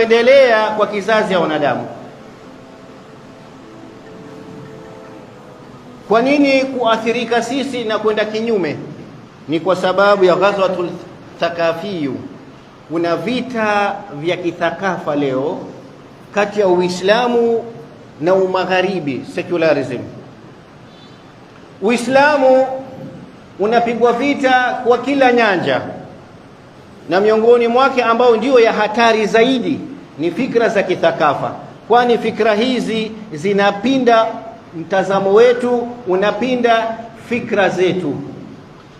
kuendelea kwa kizazi ya wanadamu. Kwa nini kuathirika sisi na kwenda kinyume? Ni kwa sababu ya ghazwatul thakafiyu. Kuna vita vya kithakafa leo kati ya Uislamu na umagharibi, secularism. Uislamu unapigwa vita kwa kila nyanja, na miongoni mwake ambao ndiyo ya hatari zaidi ni fikra za kithakafa, kwani fikra hizi zinapinda mtazamo wetu, unapinda fikra zetu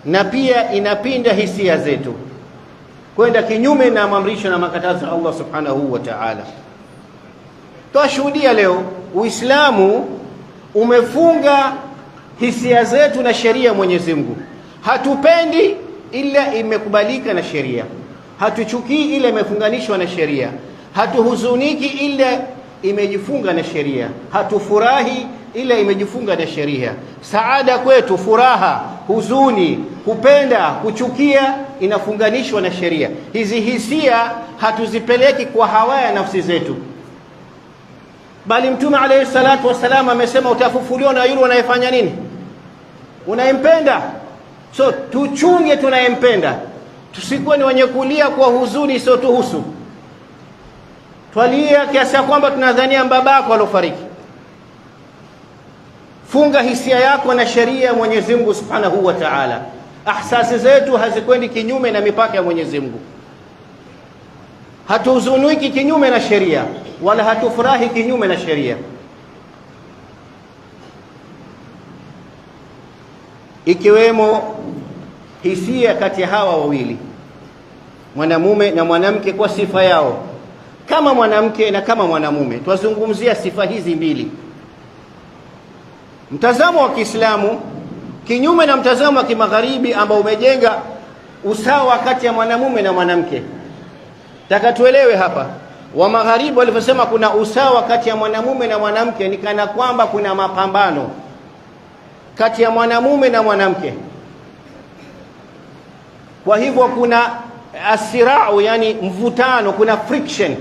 na pia inapinda hisia zetu, kwenda kinyume na maamrisho na makatazo ya Allah subhanahu wa ta'ala. Twashuhudia leo Uislamu umefunga hisia zetu na sheria ya Mwenyezi Mungu. Hatupendi ila imekubalika na sheria, hatuchukii ila imefunganishwa na sheria hatuhuzuniki ila imejifunga na sheria, hatufurahi ila imejifunga na sheria. Saada kwetu, furaha, huzuni, kupenda, kuchukia, inafunganishwa na sheria. Hizi hisia hatuzipeleki kwa hawa ya nafsi zetu, bali Mtume alayhi salatu wassalam amesema utafufuliwa na yule unayefanya nini, unayempenda. So tuchunge tunayempenda, tusikuwe ni wenye kulia kwa huzuni sio tuhusu twalia kiasi ya kwamba tunadhania babako alofariki Funga hisia yako na sheria ya Mwenyezi Mungu Subhanahu wa Ta'ala. Ahsasi zetu hazikwendi kinyume na mipaka ya Mwenyezi Mungu, hatuzuniki kinyume na sheria wala hatufurahi kinyume na sheria. Ikiwemo hisia kati ya hawa wawili mwanamume na mwanamke kwa sifa yao kama mwanamke na kama mwanamume. Twazungumzia sifa hizi mbili, mtazamo wa Kiislamu kinyume na mtazamo wa kimagharibi ambao umejenga usawa kati ya mwanamume na mwanamke. Taka tuelewe hapa, wa magharibi walivyosema kuna usawa kati ya mwanamume na mwanamke, ni kana kwamba kuna mapambano kati ya mwanamume na mwanamke. Kwa hivyo kuna asirau, yani mvutano, kuna friction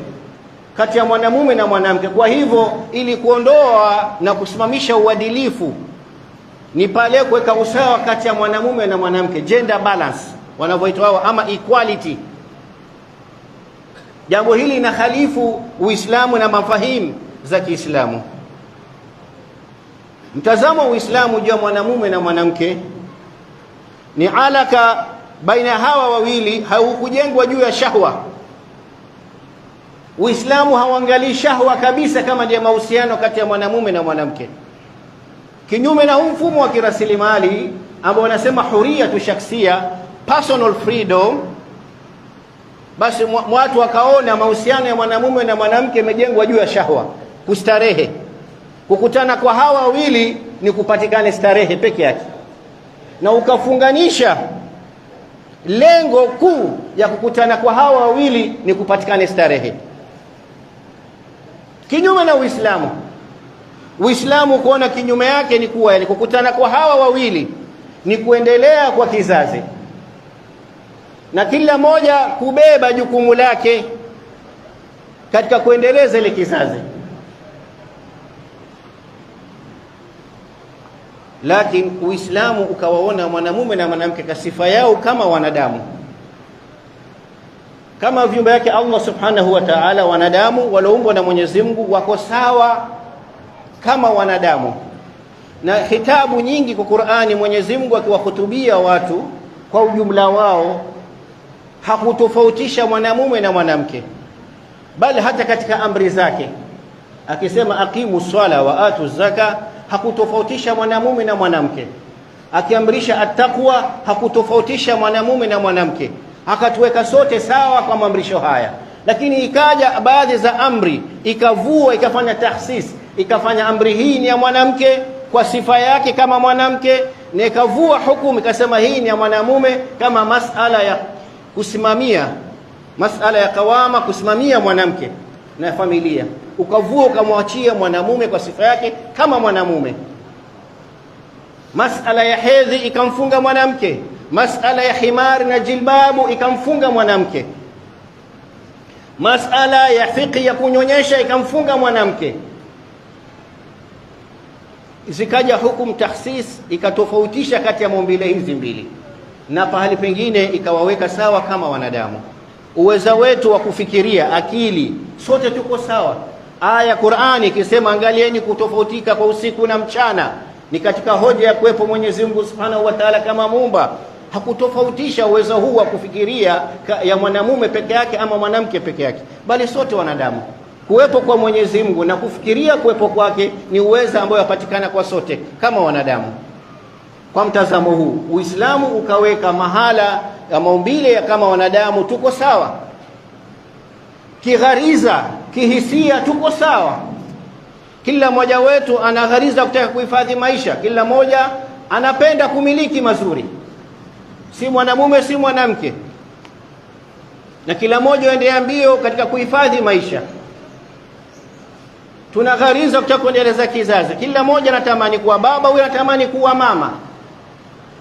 kati ya mwanamume na mwanamke. Kwa hivyo, ili kuondoa na kusimamisha uadilifu ni pale kuweka usawa kati ya mwanamume na mwanamke, gender balance wanavyoitwa wao, ama equality. Jambo hili khalifu Uislamu na mafahimu za Kiislamu. Mtazamo wa Uislamu juu ya mwanamume na mwanamke ni alaka baina ya hawa wawili haukujengwa juu ya shahwa Uislamu hauangalii shahwa kabisa kama ndiye mahusiano kati ya mwanamume na mwanamke, kinyume na huu mfumo wa kirasilimali ambao wanasema huria tu shaksia, personal freedom. Basi watu wakaona mahusiano ya mwanamume na mwanamke yamejengwa juu ya shahwa, kustarehe. Kukutana kwa hawa wawili ni kupatikane starehe peke yake, na ukafunganisha lengo kuu ya kukutana kwa hawa wawili ni kupatikane starehe kinyume na Uislamu. Uislamu kuona kinyume yake ni kuwa yani kukutana kwa hawa wawili ni kuendelea kwa kizazi, na kila moja kubeba jukumu lake katika kuendeleza ile kizazi. Lakini Uislamu ukawaona mwanamume na mwanamke kasifa yao kama wanadamu kama viumbe yake Allah subhanahu wa ta'ala, wanadamu walioumbwa na Mwenyezi Mungu wako sawa kama wanadamu. Na hitabu nyingi kwa Qur'ani, Mwenyezi Mungu akiwahutubia watu kwa ujumla wao, hakutofautisha mwanamume na mwanamke, bali hata katika amri zake akisema aqimu swala wa atu zaka, hakutofautisha mwanamume na mwanamke. Akiamrisha attaqwa, hakutofautisha mwanamume na mwanamke akatuweka sote sawa kwa maamrisho haya, lakini ikaja baadhi za amri ikavua ikafanya tahsis, ikafanya amri hii ni ya mwanamke kwa sifa yake kama mwanamke, na ikavua hukumu ikasema hii ni ya mwanamume kama masala ya kusimamia, masala ya kawama, kusimamia mwanamke na familia, ukavua ukamwachia mwanamume kwa sifa yake kama mwanamume. Masala ya hedhi ikamfunga mwanamke masala ya himari na jilbabu ikamfunga mwanamke, masala ya fiqhi ya kunyonyesha ikamfunga mwanamke. Zikaja hukumu tahsis ikatofautisha kati ya maumbile hizi mbili, na pahali pengine ikawaweka sawa kama wanadamu. Uweza wetu wa kufikiria, akili, sote tuko sawa. Aya Qur'ani ikisema angalieni kutofautika kwa usiku na mchana ni katika hoja ya kuwepo Mwenyezi Mungu Subhanahu wa Ta'ala kama mumba hakutofautisha uwezo huu wa kufikiria ya mwanamume peke yake ama mwanamke peke yake, bali sote wanadamu. Kuwepo kwa Mwenyezi Mungu na kufikiria kuwepo kwake ni uwezo ambao wapatikana kwa sote kama wanadamu. Kwa mtazamo huu, Uislamu ukaweka mahala ya maumbile ya kama wanadamu tuko sawa, kighariza kihisia tuko sawa. Kila mmoja wetu anaghariza kutaka kuhifadhi maisha, kila mmoja anapenda kumiliki mazuri si mwanamume si mwanamke, na kila mmoja aendea mbio katika kuhifadhi maisha. Tuna ghariza kutaka kuendeleza kizazi, kila mmoja anatamani kuwa baba, huyo anatamani kuwa mama.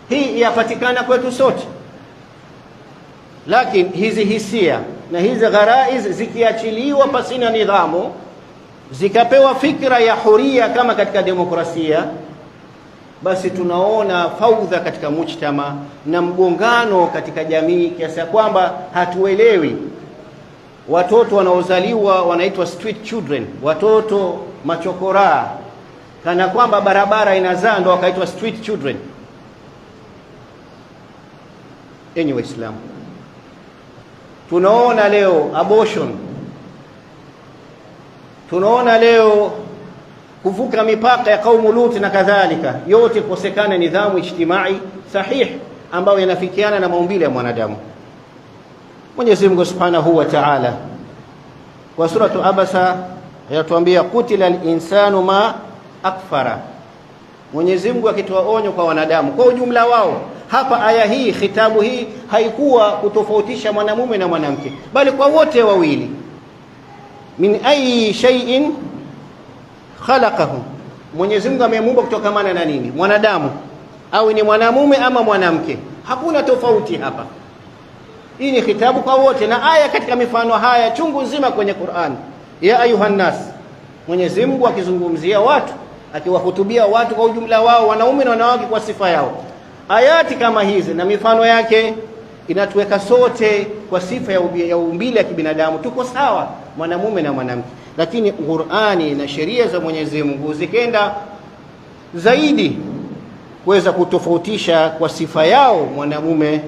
Hii yapatikana kwetu sote, lakini hizi hisia na hizi gharaiz zikiachiliwa pasina nidhamu, zikapewa fikra ya huria kama katika demokrasia basi tunaona faudha katika mujtama na mgongano katika jamii, kiasi ya kwamba hatuelewi watoto wanaozaliwa wanaitwa street children, watoto machokoraa, kana kwamba barabara inazaa ndo wakaitwa street children. Enyi Waislamu, tunaona leo abortion, tunaona leo kuvuka mipaka ya kaumu Luti na kadhalika, yote kukosekana nidhamu ijtimai sahihi ambayo yanafikiana na maumbile ya mwanadamu. Mwenyezi Mungu Subhanahu wa Ta'ala kwa suratu Abasa yatuambia kutila al-insanu ma akfara. Mwenyezi Mungu akitoa onyo kwa wanadamu kwa ujumla wao. Hapa aya hii, khitabu hii haikuwa kutofautisha mwanamume na mwanamke, bali kwa wote wawili. min ayi shay'in khalaqahu, Mwenyezi Mungu amemuumba kutokamana na nini? Mwanadamu, au ni mwanamume ama mwanamke, hakuna tofauti hapa. Hii ni kitabu kwa wote, na aya katika mifano haya chungu nzima kwenye Qur'an. Ya ayuha nnas, Mwenyezi Mungu akizungumzia watu, akiwahutubia watu kwa ujumla wao, wanaume na wanawake kwa sifa yao. Ayati kama hizi na mifano yake inatuweka sote kwa sifa ya umbile ya kibinadamu, tuko sawa mwanamume na mwanamke lakini Qur'ani na sheria za Mwenyezi Mungu zikenda zaidi kuweza kutofautisha kwa sifa yao mwanamume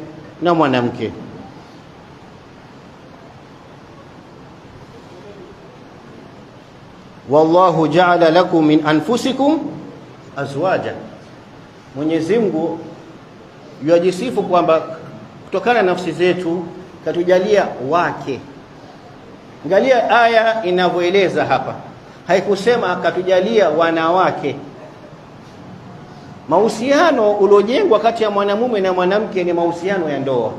na mwanamke. Wallahu ja'ala lakum min anfusikum azwaja, Mwenyezi Mungu yajisifu kwamba kutokana na nafsi zetu katujalia wake Angalia aya inavyoeleza hapa, haikusema akatujalia wanawake. Mahusiano uliojengwa kati ya mwanamume na mwanamke ni mahusiano ya ndoa,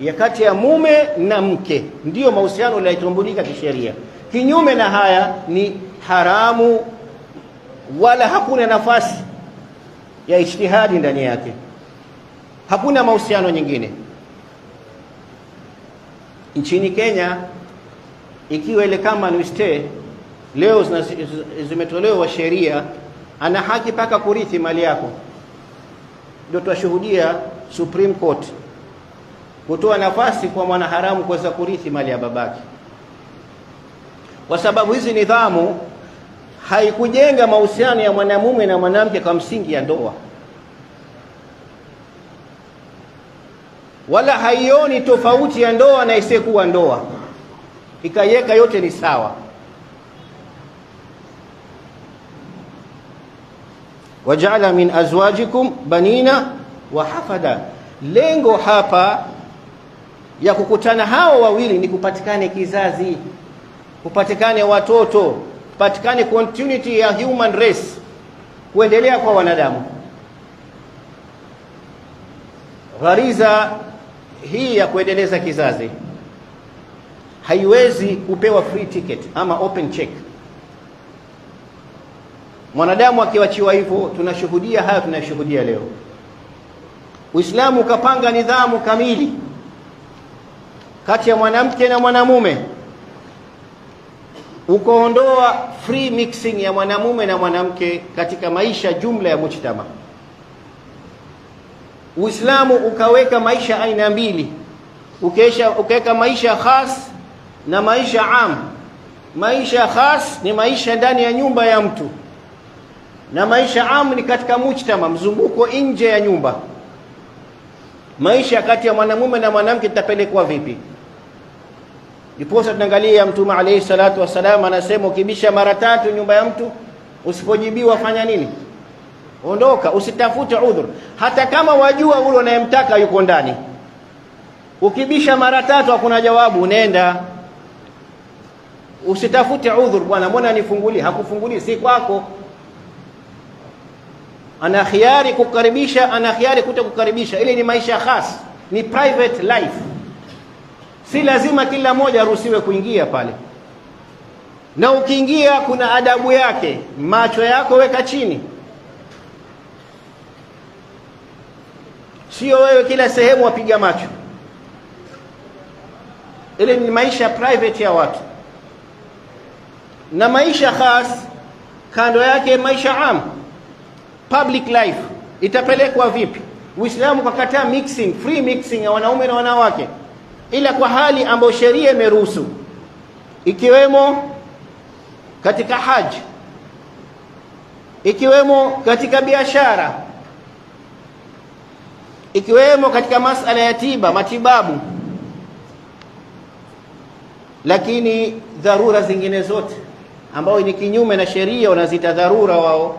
ya kati ya mume na mke, ndiyo mahusiano yanayotambulika kisheria. Kinyume na haya ni haramu, wala hakuna nafasi ya ijtihadi ndani yake. Hakuna mahusiano nyingine nchini Kenya ikiwa ile kama ni stay leo zimetolewa sheria, ana haki paka kurithi mali yako. Ndio twashuhudia Supreme Court kutoa nafasi kwa mwanaharamu kuweza kurithi mali ya babake, kwa sababu hizi nidhamu haikujenga mahusiano ya mwanamume na mwanamke kwa msingi ya ndoa, wala haioni tofauti ya ndoa na isiyokuwa ndoa ikaiweka yote ni sawa. wajala min azwajikum banina wa hafada, lengo hapa ya kukutana hao wawili ni kupatikane kizazi, kupatikane watoto, kupatikane continuity ya human race, kuendelea kwa wanadamu. Ghariza hii ya kuendeleza kizazi haiwezi kupewa free ticket ama open check. Mwanadamu akiwachiwa hivyo, tunashuhudia haya tunayoshuhudia leo. Uislamu ukapanga nidhamu kamili kati ya mwanamke na mwanamume, ukaondoa free mixing ya mwanamume na mwanamke katika maisha jumla ya mujtama. Uislamu ukaweka maisha aina mbili, ukaweka maisha khas na maisha am. Maisha khas ni maisha ndani ya nyumba ya mtu, na maisha am ni katika mujtama, mzunguko nje ya nyumba. Maisha kati ya mwanamume na mwanamke itapelekwa vipi? Ndiposa tunaangalia Mtume alayhi salatu wassalam anasema, ukibisha mara tatu nyumba ya mtu usipojibiwa, fanya nini? Ondoka, usitafute udhur, hata kama wajua ule unayemtaka yuko ndani. Ukibisha mara tatu hakuna jawabu, unaenda Usitafute udhur, bwana, mbona nifungulie? hakufungulie si kwako. Ana khiari kukaribisha, ana khiari kuto kukaribisha. Ile ni maisha khas, ni private life, si lazima kila mmoja aruhusiwe kuingia pale. Na ukiingia kuna adabu yake. Macho yako weka chini, sio wewe kila sehemu wapiga macho. Ile ni maisha private ya watu na maisha khas, kando yake maisha am, public life itapelekwa vipi? Uislamu ukakataa mixing, free mixing ya wanaume na wanawake, ila kwa hali ambayo sheria imeruhusu, ikiwemo katika haji, ikiwemo katika biashara, ikiwemo katika masala ya tiba, matibabu, lakini dharura zingine zote ambao ni kinyume na sheria, wanazita dharura wao,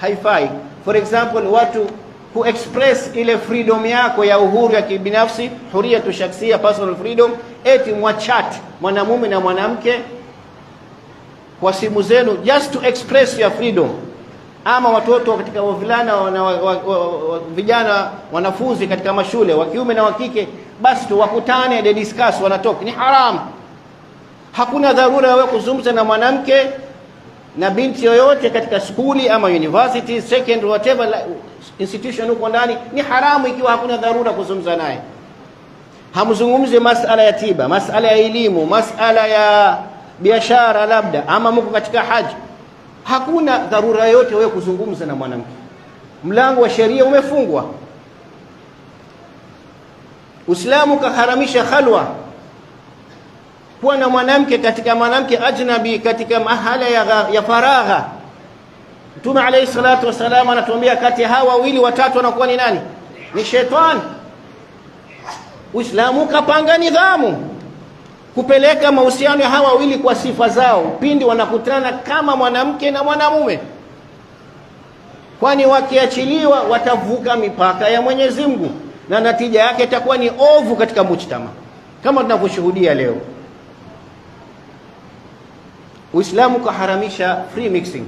haifai. For example watu ku express ile freedom yako ya uhuru ya kibinafsi, huriyatu shaksia personal freedom, eti mwachat mwanamume na mwanamke kwa simu zenu just to express your freedom, ama watoto katika wavulana na wa, wa, wa, vijana wanafunzi katika mashule wa kiume na wa kike, basi tu wakutane, they discuss, wanatalk, ni haram Hakuna dharura ya wewe kuzungumza na mwanamke na binti yoyote katika skuli ama university second whatever institution huko ndani, ni haramu ikiwa hakuna dharura kuzungumza naye. Hamzungumze masala ya tiba, masala ya elimu, masala ya biashara, labda ama mko katika haji. Hakuna dharura yoyote wewe kuzungumza na mwanamke, mlango wa sheria umefungwa. Uislamu kaharamisha khalwa kuwa na mwanamke katika mwanamke ajnabi katika mahala ya, ya faragha. Mtume alayhi salatu wasalam anatuambia kati hawa wawili watatu wanakuwa ni nani? Ni shetani. Uislamu kapanga nidhamu kupeleka mahusiano ya hawa wawili kwa sifa zao pindi wanakutana kama mwanamke na mwanamume, kwani wakiachiliwa watavuka mipaka ya Mwenyezi Mungu na natija yake itakuwa ni ovu katika mujtama kama tunavyoshuhudia leo. Uislamu kaharamisha free mixing,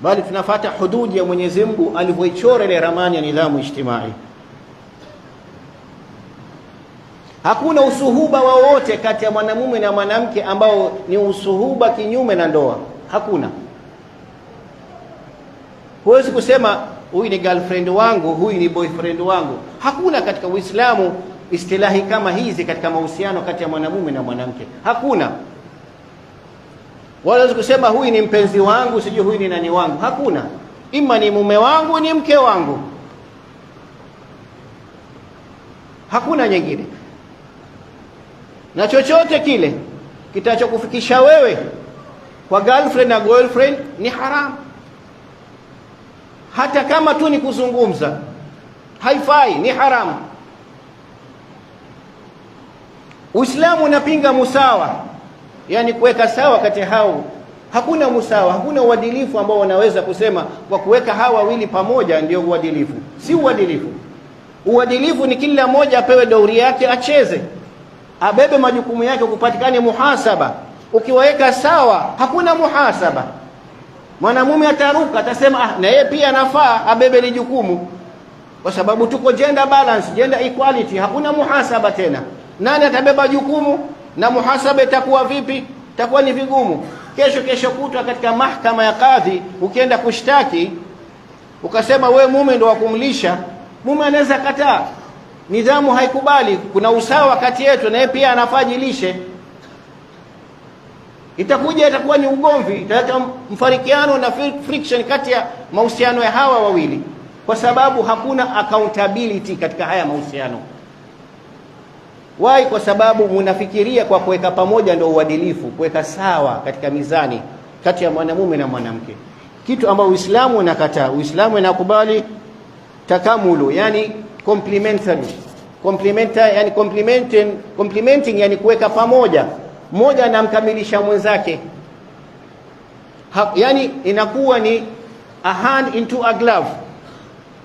bali tunafata hududi ya Mwenyezi Mungu alivyoichora ile ramani ya nidhamu ijtimai. Hakuna usuhuba wowote kati ya mwanamume na mwanamke ambao ni usuhuba kinyume na ndoa, hakuna. Huwezi kusema huyu ni girlfriend wangu, huyu ni boyfriend wangu. Hakuna katika Uislamu istilahi kama hizi katika mahusiano kati ya mwanamume na mwanamke hakuna. Wala kusema huyu ni mpenzi wangu, sijui huyu ni nani wangu, hakuna. Ima ni mume wangu, ni mke wangu, hakuna nyingine. Na chochote kile kitachokufikisha wewe kwa girlfriend na girlfriend ni haramu, hata kama tu ni kuzungumza, haifai, ni haramu. Uislamu unapinga musawa, yani kuweka sawa kati hao. Hakuna musawa, hakuna uadilifu ambao wanaweza kusema kwa kuweka hawa wawili pamoja ndio uadilifu. Si uadilifu. Uadilifu ni kila mmoja apewe dauri yake, acheze, abebe majukumu yake, kupatikane muhasaba. Ukiwaweka sawa, hakuna muhasaba. Mwanamume ataruka, atasema ah, na yeye pia anafaa abebe li jukumu, kwa sababu tuko gender balance, gender equality. Hakuna muhasaba tena. Nani atabeba jukumu na muhasaba itakuwa vipi? Itakuwa ni vigumu. Kesho kesho kutwa katika mahkama ya kadhi, ukienda kushtaki ukasema we mume ndo wakumlisha, mume anaweza kataa, nidhamu haikubali. Kuna usawa kati yetu, yeye pia anafajilishe itakuja itakuwa ni ugomvi, italeta mfarikiano na friction kati ya mahusiano ya hawa wawili, kwa sababu hakuna accountability katika haya mahusiano. Why? Kwa sababu munafikiria kwa kuweka pamoja ndio uadilifu, kuweka sawa katika mizani kati ya mwanamume na mwanamke, kitu ambayo Uislamu unakataa. Uislamu inakubali takamulu, yani complementary complementary, yani complementing, complementing, yani kuweka pamoja, mmoja anamkamilisha mwenzake, yani inakuwa ni a hand into a glove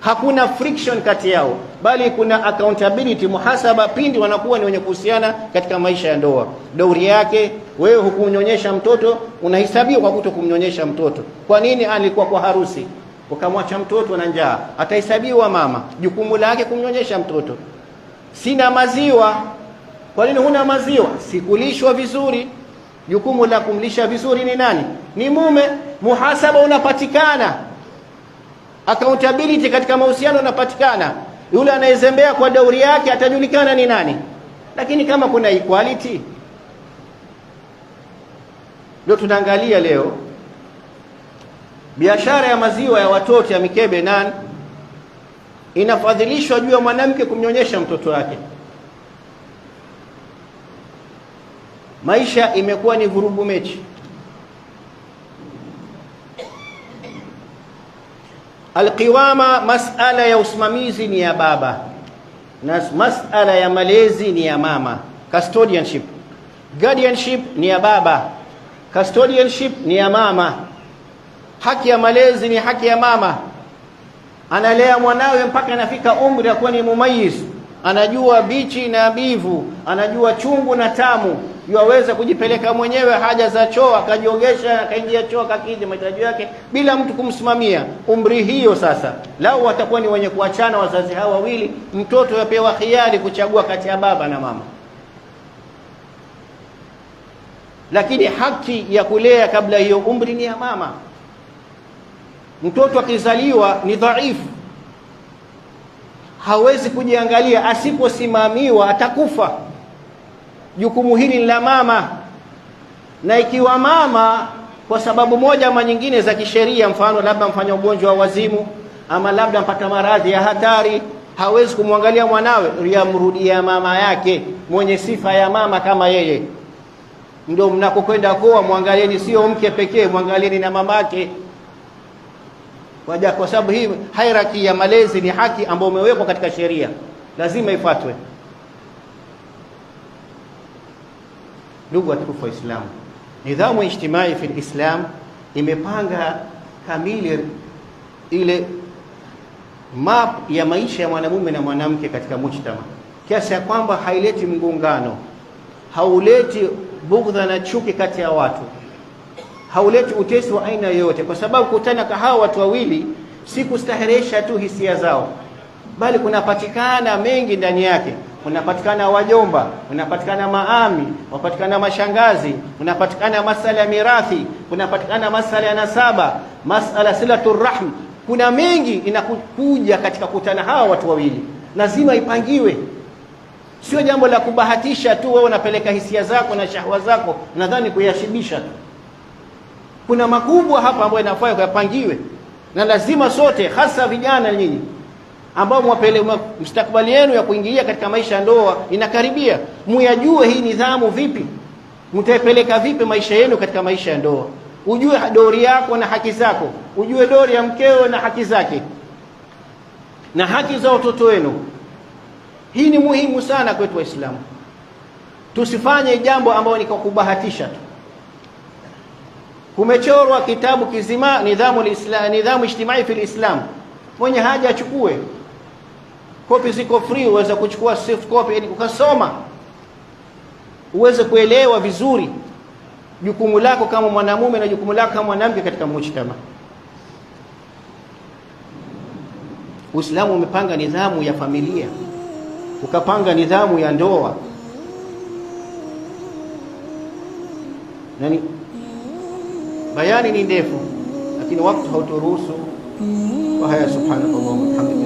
hakuna friction kati yao, bali kuna accountability, muhasaba pindi wanakuwa ni wenye kuhusiana katika maisha ya ndoa. Dauri yake wewe hukumnyonyesha mtoto, unahesabiwa kwa kuto kumnyonyesha mtoto. Kwa nini? Alikuwa kwa harusi, ukamwacha mtoto na njaa, atahesabiwa mama, jukumu lake kumnyonyesha mtoto. Sina maziwa. Kwa nini huna maziwa? Sikulishwa vizuri. Jukumu la kumlisha vizuri ni nani? Ni mume. Muhasaba unapatikana accountability katika mahusiano inapatikana, yule anayezembea kwa dauri yake atajulikana ni nani. Lakini kama kuna equality, ndio tunaangalia leo biashara ya maziwa ya watoto ya mikebe nan inafadhilishwa juu ya mwanamke kumnyonyesha mtoto wake. Maisha imekuwa ni vurugu mechi. Alqiwama, masala ya usimamizi ni ya baba na masala ya malezi ni ya mama. Custodianship, guardianship ni ya baba, custodianship ni ya mama. Haki ya malezi ni haki ya mama, analea mwanawe mpaka anafika umri ya kuwa ni mumayiz anajua bichi na bivu, anajua chungu na tamu, yuaweza kujipeleka mwenyewe haja za choo, akajiogesha akaingia choo akakidhi mahitaji yake bila mtu kumsimamia. Umri hiyo sasa, lau watakuwa ni wenye kuachana wazazi hawa wawili, mtoto yapewa khiari kuchagua kati ya baba na mama, lakini haki ya kulea kabla hiyo umri ni ya mama. Mtoto akizaliwa ni dhaifu hawezi kujiangalia, asiposimamiwa atakufa. Jukumu hili la mama, na ikiwa mama kwa sababu moja ama nyingine za kisheria, mfano labda mfanya ugonjwa wa wazimu ama labda mpata maradhi ya hatari, hawezi kumwangalia mwanawe, yamrudia mama yake mwenye sifa ya mama kama yeye. Ndio mnakokwenda kuwa mwangalieni, sio mke pekee, mwangalieni na mamake. Waja kwa sababu hii hierarchy ya malezi ni haki ambayo umewekwa katika sheria, lazima ifuatwe. Ndugu watukufu wa islam nidhamu ijtimai fi lislam imepanga kamili ile map ya maisha ya mwanamume na mwanamke katika mujtama, kiasi ya kwamba haileti mgongano, hauleti bugdha na chuki kati ya watu hauleti utesi wa aina yoyote, kwa sababu kutana kwa hawa watu wawili si kustahiresha tu hisia zao, bali kunapatikana mengi ndani yake. Kunapatikana wajomba, kunapatikana maami, kunapatikana mashangazi, kunapatikana masala ya mirathi, kunapatikana masala ya nasaba, masala silatu rahm. Kuna mengi inakuja katika kutana hawa watu wawili, lazima ipangiwe. Sio jambo la kubahatisha tu, wewe unapeleka hisia zako na shahwa zako, nadhani kuyashibisha kuna makubwa hapa ambayo inafaa kuyapangiwe, na lazima sote, hasa vijana nyinyi ambao mwapele mstakabali yenu ya kuingilia katika maisha ya ndoa inakaribia, muyajue hii nidhamu vipi, mtaipeleka vipi maisha yenu katika maisha ya ndoa. Ujue dori yako na haki zako, ujue dori ya mkeo na haki zake na haki za watoto wenu. Hii ni muhimu sana kwetu Waislamu, tusifanye jambo ambalo ni kwa kubahatisha tu kumechorwa kitabu kizima nidhamu alislam nidhamu ijtimai fi alislam Mwenye haja achukue kopi, ziko free, uweza kuchukua soft copy, yani ukasoma uweze kuelewa vizuri jukumu lako kama mwanamume na jukumu lako kama mwanamke katika mujtama. Uislamu umepanga nidhamu ya familia, ukapanga nidhamu ya ndoa nani Bayani ni ndefu, lakini wakati hauturuhusu. Wa haya, subhanakallahumma wa bihamdika